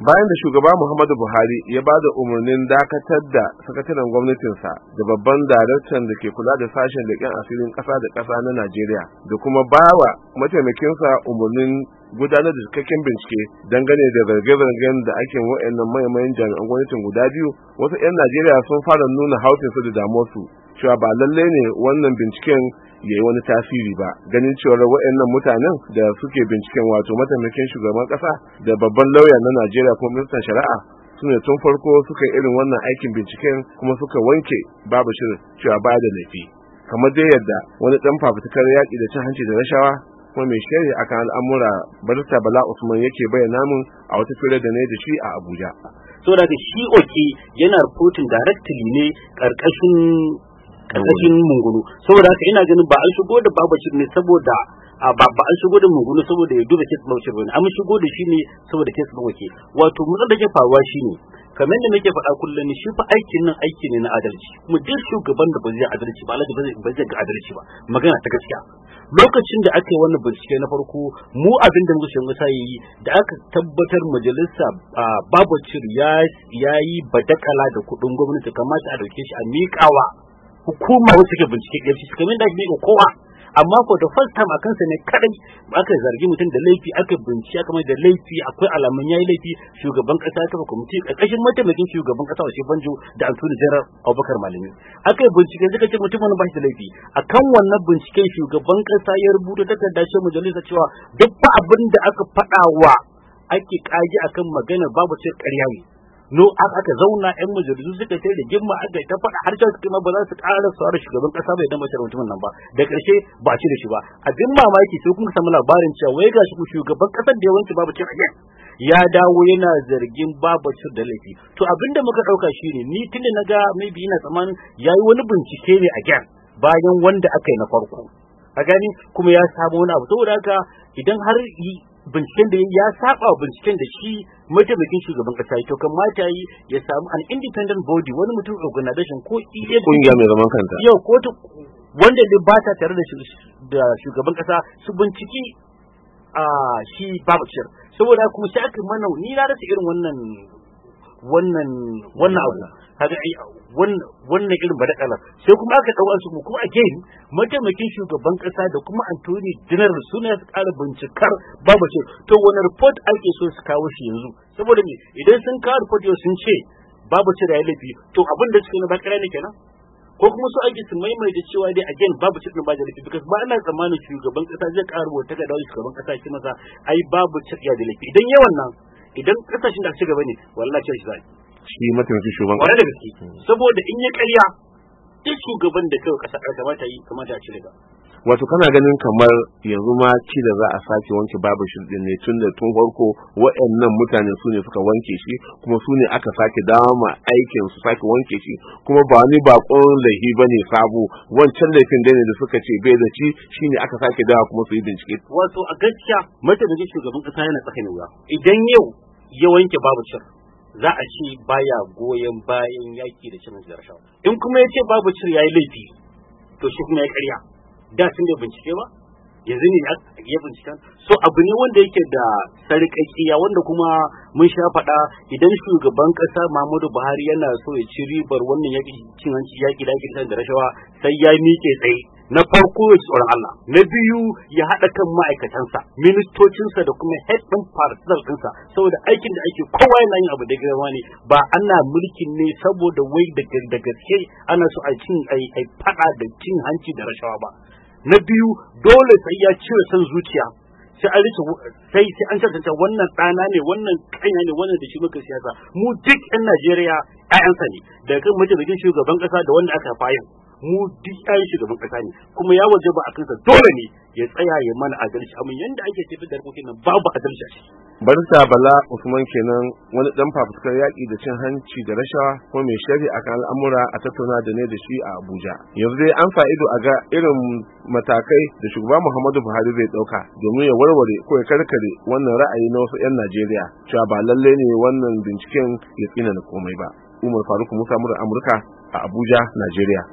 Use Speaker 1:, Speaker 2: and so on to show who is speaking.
Speaker 1: bayan da shugaba muhammadu buhari ya ba da umarnin dakatar da sakataren gwamnatinsa da babban daraktan da ke kula da sashen leƙen asirin ƙasa da ƙasa na najeriya da kuma bawa mataimakinsa umarnin gudanar da cikakken bincike dangane da zarge-zargen da ake wa'annan mayan jami'an gwamnatin guda biyu wasu 'yan najeriya sun fara nuna hautinsu da damuwarsu cewa ba lallai ne wannan binciken ya yi wani tasiri ba ganin cewar waɗannan mutanen da suke binciken wato mataimakin shugaban ƙasa da babban lauya na najeriya ko ministan shari'a su ne tun farko suka yi irin wannan aikin binciken kuma suka wanke babu shirin cewa ba da laifi kamar dai yadda wani ɗan fafutukar yaƙi da cin hanci da rashawa kuma mai shari akan al'amura barista bala usman yake bayyana mun a wata fira da ne da shi a abuja so da shi oki yana kotun directly ne
Speaker 2: karkashin karkashin mungunu saboda haka ina ganin ba an shigo da babu ne saboda ba ba an shigo da mungunu saboda ya duba kes babacir bane an shigo da shi ne saboda kes babake wato mun da ke faruwa ne kamar da nake faɗa kullum shi fa aikin nan aiki ne na adalci kuma duk shugaban da ba zai adalci ba alhaji ba zai ga adalci ba magana ta gaskiya lokacin da aka yi wannan bincike na farko mu abin da muka musa yi da aka tabbatar majalisa babu ya yi badakala da kuɗin gwamnati kamata a dauke shi a miƙawa hukuma wasu ke bincike su kamar da ake kowa amma ko da first time a kansa ne kadai aka zargi mutum da laifi aka bincike aka mai da laifi akwai alamun yayi laifi shugaban kasa ya kafa kwamiti karkashin mataimakin shugaban kasa wace banjo da Antony General Abubakar Malami aka bincike suka ce mutumin ba shi da laifi akan wannan binciken shugaban kasa ya rubuta takarda shi majalisa cewa duk abin da aka faɗawa wa ake kaji akan magana babu ce ƙarya ne no an aka zauna yan majalisu suka ce da gimma aka ta faɗa har sai ma ba za su ƙara su shugaban ƙasa bai dan mace mutumin nan ba da ƙarshe ba shi da shi ba abin mamaki sai kun samu labarin cewa wai ga shi shugaban ƙasar da ya wanke babu cin ajiyar ya dawo yana zargin babacin da laifi to abin da muka ɗauka shi ne ni tun da na ga maybe ina tsammanin yi wani bincike ne a gyan bayan wanda aka yi na farko a gani kuma ya samu wani abu saboda haka idan har binciken da ya saba binciken da shi mataimakin shugaban kasa ya kan mata yi ya samu an independent body wani mutum organization ko iya e kungiya mai zaman kanta yau ko ta wanda da ba ta tare da shugaban kasa su binciki a shi babacir saboda kuma sai aka mana ni na rasa irin wannan wannan wannan abu kaga wannan irin badakala sai kuma aka ɗau su kuma again mataimakin shugaban ƙasa da kuma antoni dinar suna ƙara bincikar babu ce to wani report ake so su kawo shi yanzu saboda me idan sun kawo report yau sun ce babu ce da ya laifi to abin da suke na bakara ne kenan ko kuma su ake su maimaita cewa dai again babu cikin ba da laifi because ba ana tsammanin shugaban ƙasa zai ƙara wata ga dawo shugaban ƙasa shi maza ai babu ce da laifi idan yawan nan idan kasashen da ci gaba ne wallahi ce shi zai
Speaker 1: shi mataimakin shugaban kwarai da
Speaker 2: gaske mm. saboda in ya karya duk shugaban da kawai kasa karka ba ta yi kamar a ci ba
Speaker 1: wato kana ganin kamar yanzu ma ci da za a sake wanke babu shi din ne tun da tun farko waɗannan mutane su ne suka wanke shi kuma su ne aka sake dama aikin su sake wanke shi kuma ba ni bakon lahi ba ne sabo wancan laifin da ne da suka ce bai da shi shine aka sake dawa kuma su yi bincike
Speaker 2: wato a gaskiya mataimakin shugaban kasa yana tsakanin wuya idan yau ya wanke babu cin za a ce baya goyon bayan yaƙi da cin hanci shawa rashawa in kuma ya ce babu cir ya yi laifi to shi kuma ya karya da sun da bincike ba yanzu ne ya binciken so abu ne wanda yake da sarƙaƙiya wanda kuma mun sha faɗa idan shugaban ƙasa Muhammadu Buhari yana so ya ci ribar wannan yaki cin hanci yaƙi da yaƙi da rashawa sai ya miƙe tsaye na farko ya tsoron Allah na biyu ya haɗa kan ma'aikatansa ministocinsa da kuma head ɗin ɗinsa saboda aikin da ake kowa yana yin abu da girma ne ba ana mulkin ne saboda wai da gaske ana so a cin ai faɗa da cin hanci da rashawa ba na biyu dole sai ya cire son zuciya sai an rike sai sai an tantance wannan ɗana ne wannan kanya ne wannan da shi muka siyasa mu duk 'yan Najeriya 'ya'yansa ne daga kan majalisar shugaban ƙasa da wanda aka fayin mu duk da shugaban kasa ne kuma ya waje ba a kansa dole ne ya tsaya ya mana adalci amma yanda ake tafi da harkokin nan babu adalci a ciki
Speaker 1: bala usman kenan wani dan fafutukar yaki da cin hanci da rashawa ko mai shari a kan al'amura a tattauna da ne da shi a abuja yanzu dai an fa'ido a ga irin matakai da shugaba muhammadu buhari zai ɗauka domin ya warware ko ya karkare wannan ra'ayi na wasu 'yan najeriya cewa ba lalle ne wannan binciken ya tsina na komai ba umar faruk musa amurka a abuja
Speaker 2: najeriya